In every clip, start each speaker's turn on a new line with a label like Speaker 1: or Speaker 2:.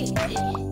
Speaker 1: Thank you.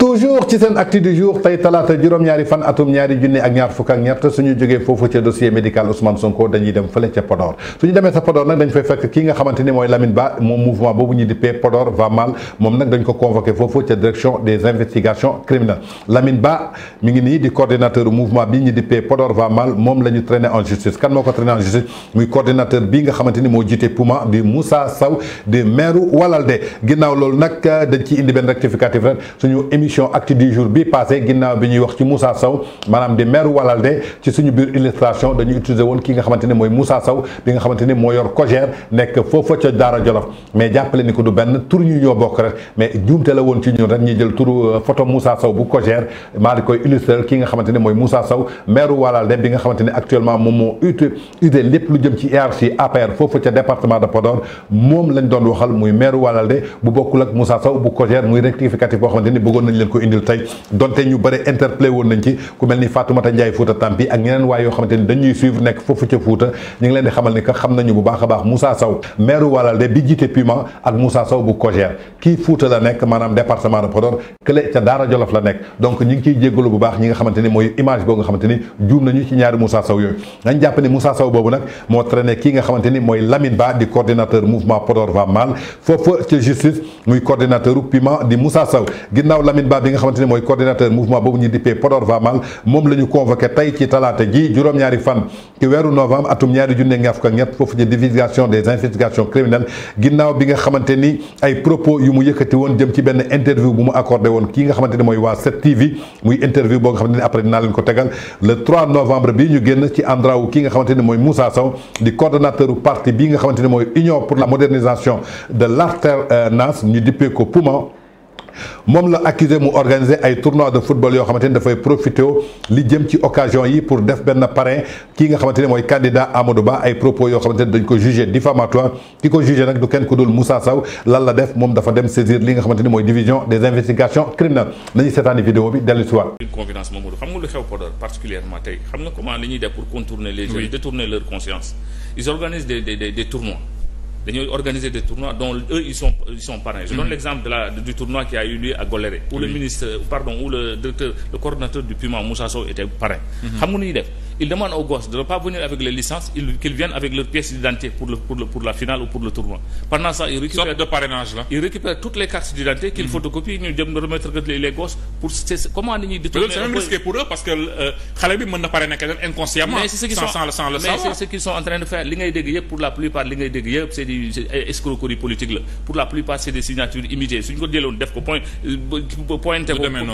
Speaker 2: toujours ci seen acte du jour tey talata juróom-ñaari fan atum ñaari jooni ak ñaar fuk ak ñett suñu joggé fofu ci dossier médical Ousmane Sonko dañuy dem fële ci Podor suñu démé sa Podor nak dañ fay fekk ki nga xamanteni moy Lamine Ba moom mouvement boobu ñu dippee Podor va mal mom nak dañ ko convoqué fofu ci direction des investigations criminelles Lamine Ba mi ngi ni di coordinateur mouvement bi ñu dippee Podor va mal mom lañu traîner en justice kan mon traîner en justice muy coordinateur bi nga xamanteni mo jité Moussa Puma di Moussa Sow di maire Walalde ginnaw lool nak dañ ci indi ben rectificatif rek suñu émission émission acte du jour bi passé ginnaw bi ñuy wax ci Moussa Sow maanaam di maire Walalde ci suñu biir illustration dañuy utiliser won ki nga xamante moy Moussa Sow bi nga xamante mo yor Cogère nek fofu ci dara Jolof mais jàppale ni ko du ben tour ñu ñoo bokk rek mais juumte la won ci ñun rek ñi jël tour euh, photo Moussa Sow bu Cogère maa di koy illustrer ki nga xamante moy mooy Moussa Sow maire Walalde bi nga xamante actuellement mom mo uti uti lépp lu jëm ci IRC APR fofu ci département de Podor mom lañ doon waxal muy maire Walalde bu bokkul ak Moussa Sow bu Cogère muy rectificatif bo xamante ni nañ leen ko indil tey donte ñu bëri interplay woon nañ ci ku mel ni Fatoumata Ndiaye Fouta Tampi ak ñeneen waay yoo xamante dañuy suivre nekk foofu ca Fouta ñu ngi leen di xamal ni que xam nañu bu baax a baax Moussa Sow maire Walalde bi jiite Puma ak Moussa Sow bu Kogère kii Fouta la nekk maanaam département de Podor kële ca Daara Jolof la nekk donc ñu ngi ciy bu baax ñi nga xamante mooy image boo nga xamante ni juum nañu ci ñaari Moussa Sow ni moo traîné kii nga xamante ni mooy Lamine Ba di di Moussa Sow Ba bi nga xamanteni moy coordinateur mouvement bobu ñi dippee Podor va mal lañu la convoqué tey ci talata ji juróom-ñaari fan ci weeru novembre atum ñaari junne nga fakk ñet ñett foofu ci divulgation des investigations criminelles ginnaw bi nga xamanteni ay propos yu mu yëkëti won jëm ci ben interview bu mu accordé won ki nga xamanteni moy wa waa 7TV muy interview bo nga xamanteni après dinaa leen ko tégal le 3 novembre bi ñu genn ci endroit ki nga xamanteni moy Moussa Sow di coordinateur parti bi nga xamanteni moy Union pour la modernisation de l'alternance ñu dippee ko Pouma mom la accusé mu organiser ay tournoi de football yo xamante da fay profité li jëm ci occasion yi pour def ben parrain ki nga xamante moy candidat Amadou Ba ay propos yo xamante dañ ko juger diffamatoire kiko juger jugé nag du kenn ku dul Moussa Sow lan la def mom dafa dem saisir li nga xamante moy division des investigations criminelles nañu sétane vidéo bi dellu si une
Speaker 1: confiance Mamadou xam nga lu xew Podor particulièrement tay xam na comment li ñuy def pour contourner les gens détourner leur conscience ils organisent des des des tournois ont organiser des tournois dont eux ils sont ils sont parrains je donne mm. l'exemple du tournoi qui a eu lieu à Goléré où le ministre pardon où le directeur le coordinateur du PUMA Moussa Sow était parrain Hamouni mm-hmm ils demandent aux gosses de ne pas venir avec les licences, qu'ils viennent avec leurs pièces d'identité pour, la finale ou pour le tournoi. Pendant ça, ils récupèrent... de parrainage, là. Ils récupèrent toutes les cartes d'identité qu'ils hmm. photocopient, photocopient, nous remettent remettre les gosses pour... Comment on dit C'est même risque pour eux parce que Khalabi euh, m'a parrainé inconsciemment, mais c'est ce qu'ils sont en train de faire. Pour la plupart, c'est des escroqueries politiques. Pour la plupart, c'est des signatures imitées. Si on def point, euh, point,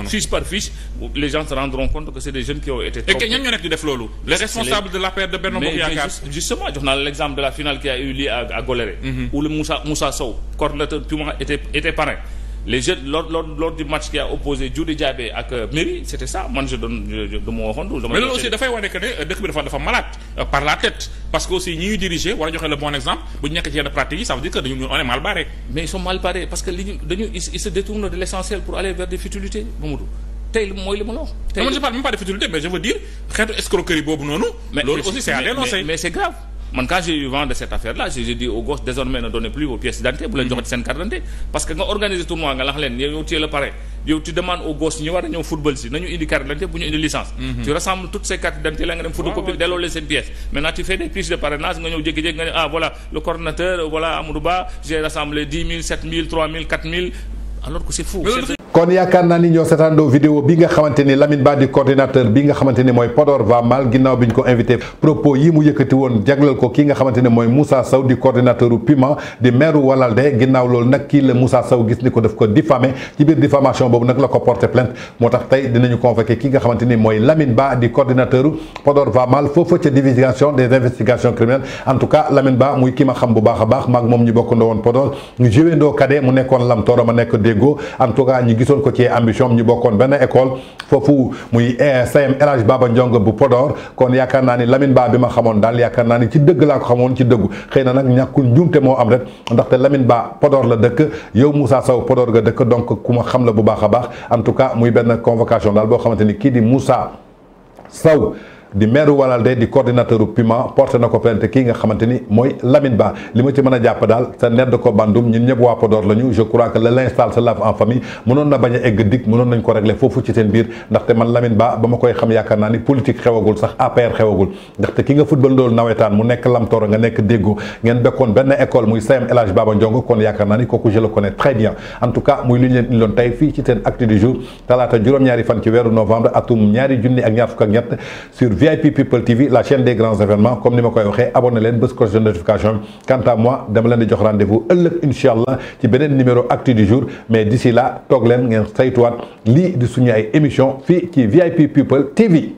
Speaker 1: fiche par fiche, les gens se rendront compte que c'est des jeunes qui ont été... Et les responsables de la perte de Benoît Bokk justement jox naa l'exemple de la finale qui a eu lieu à, à Goléré mhm. où le Moussa Moussa Sow coordinateur était était parrain les lors du match qui a opposé Djoudi Diabé à euh, Méry c'était ça Moi, je donne dama mais là aussi il y que des euh, dëkk bi dafa dafa euh, par la tête parce que aussi ñi ñuy diriger on a le bon exemple Si ñu nekk ci pratique ça veut dire qu'on est mal barré mais ils sont mal barrés parce qu'ils ils se détournent de l'essentiel pour aller vers des futilités Mamadou je ne parle même pas de futilité, mais je veux dire, escroquerie, bobo, non, mais l'autre aussi, c'est à Mais, c'est grave. quand j'ai eu vent de cette affaire-là, j'ai dit aux gosses, désormais, ne donnez plus vos pièces d'identité, pour les donnez carte d'identité. Parce que quand on organise le tournoi, on a tu es le pareil. Tu demandes aux gosses, nous avons un football, nous avons une carte d'identité, pour une licence. Mhm. Tu rassembles toutes ces cartes d'identité, nous avons nous avons pièce. Maintenant, tu fais des pièces de parrainage, nous avons dit voilà, le coordinateur, voilà, Amourouba, j'ai rassemblé 10 000, 7 000, 3 000, 4 000. Alors que c'est fou
Speaker 2: kon yaakaar naa ni ñoo seetaandoo vidéo bi nga xamante ni Lamine Ba di coordinateur bi nga xamante ni mooy Podor va mal ginnaaw biñ ko invité propos yi mu yëkkati woon jaglal ko ki nga xamante ne mooy Moussa Sow di coordinateur u PUMA di maire Walalde ginnaaw loolu nag kii la Moussa saw gis ni ko daf ko diffamé ci biir diffamation boobu nag la ko porté plainte moo tax tey dinañu convoqué ki nga xamante ni mooy Lamine Ba di coordinateur Podor va mal foofu ca division des investigations criminelles en tout cas Lamine Ba muy ki ma xam bu baax a baax maag moom ñu bokkandoo woon Podor ñu jëwendoo kadee mu nekkoon lam tooro ma nekk déggoo en tout cas ñu gis gisoon ko ci ambition ñu bokkoon benn école foofu muy CM e El Hadj Baba Ndiong bu Podor kon yaakaar naa ni Lamine Ba bi ma xamoon daal yaakaar naa ni ci dëgg laa ko xamoon ci dëggu xëy na nag ñàkkul njuumte moo am rek ndaxte Lamine baa Podor la dëkk yow Moussa saw Podor ga dëkk donc ku ma xam la bu baax a baax en tout cas muy benn convocation daal boo xamante ni kii di Moussa Sow di maire Walalde di coordinateur Puma porté na Kinga plainte kii nga xamante ni mooy Lamine Ba li ma ci mën a jàpp daal te ko bandum ñun ñëpp waa Podor lañu je crois que l'install se lave en famille na bañ a egg dik mënoon nañ ko régler foofu ci seen biir ndaxte man Lamine Ba ba ma koy xam yaakaar naa ni politique xewagul sax APR xewagul ndaxte ki nga football ndool nawetaan mu nekk Lamtoro nga nekk Déggo ngeen bekkoon benn école muy CM El Baba Ndiongo kon yaakaar naa ni kooku je le connais très bien en tout cas muy li ñu leen indiloon tey ci seen acte du jour ñaari fan ci novembre atum ñaari junni ak ñaar fukk ak ñett sur VIP People TV la chaîne des grands événements comme ni ma vous waxee abonné cloche de notification quant à moi dama vous di rendez-vous Inch'Allah, qui est ci numéro actif du jour mais d'ici là toog leen ngeen à lii di suñu émission qui VIP People TV